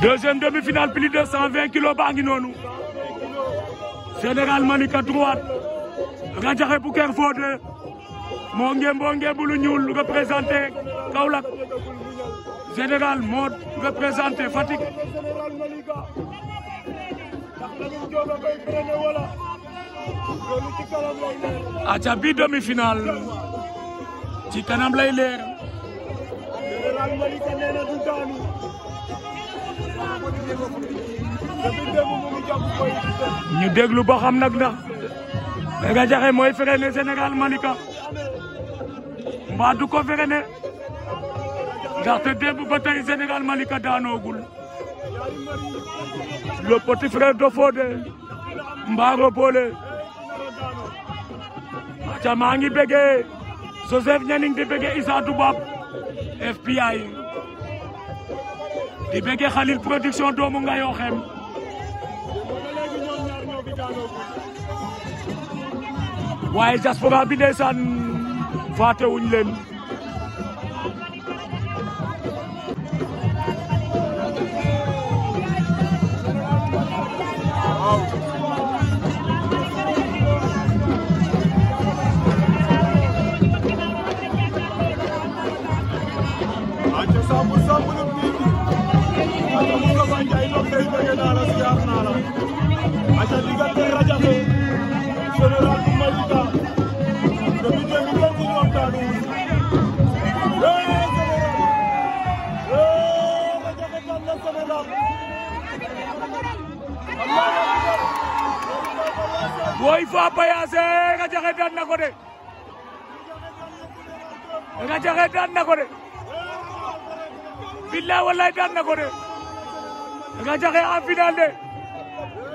deuxième demi-finale plus de 120 kilos Général Manika, droite Radiakhé Pouker Fode. Fodé moo représenté Général Mode, représenté Fatick Ajabi demi-finale ci kanam Général Manika, ñu déglu ba xam nak na nga jaxé moy freiné sénégal Malika ba du ko freiné ndaxte démb ba tey Général Malika gul le petit frère do Fodé Mbaaro polé acha maa ngi bëggee Joseph ñaning di bégé isa dubab FPI di bëggee Khalil production doomu nga yoo waaye diaspora bi ndeysaan fàttewuñ aca diggante Radiakhé Général bu Malika depuis deux mille onze ñoom daanu Radiakhé daan na Général Boy Fa de Yeah.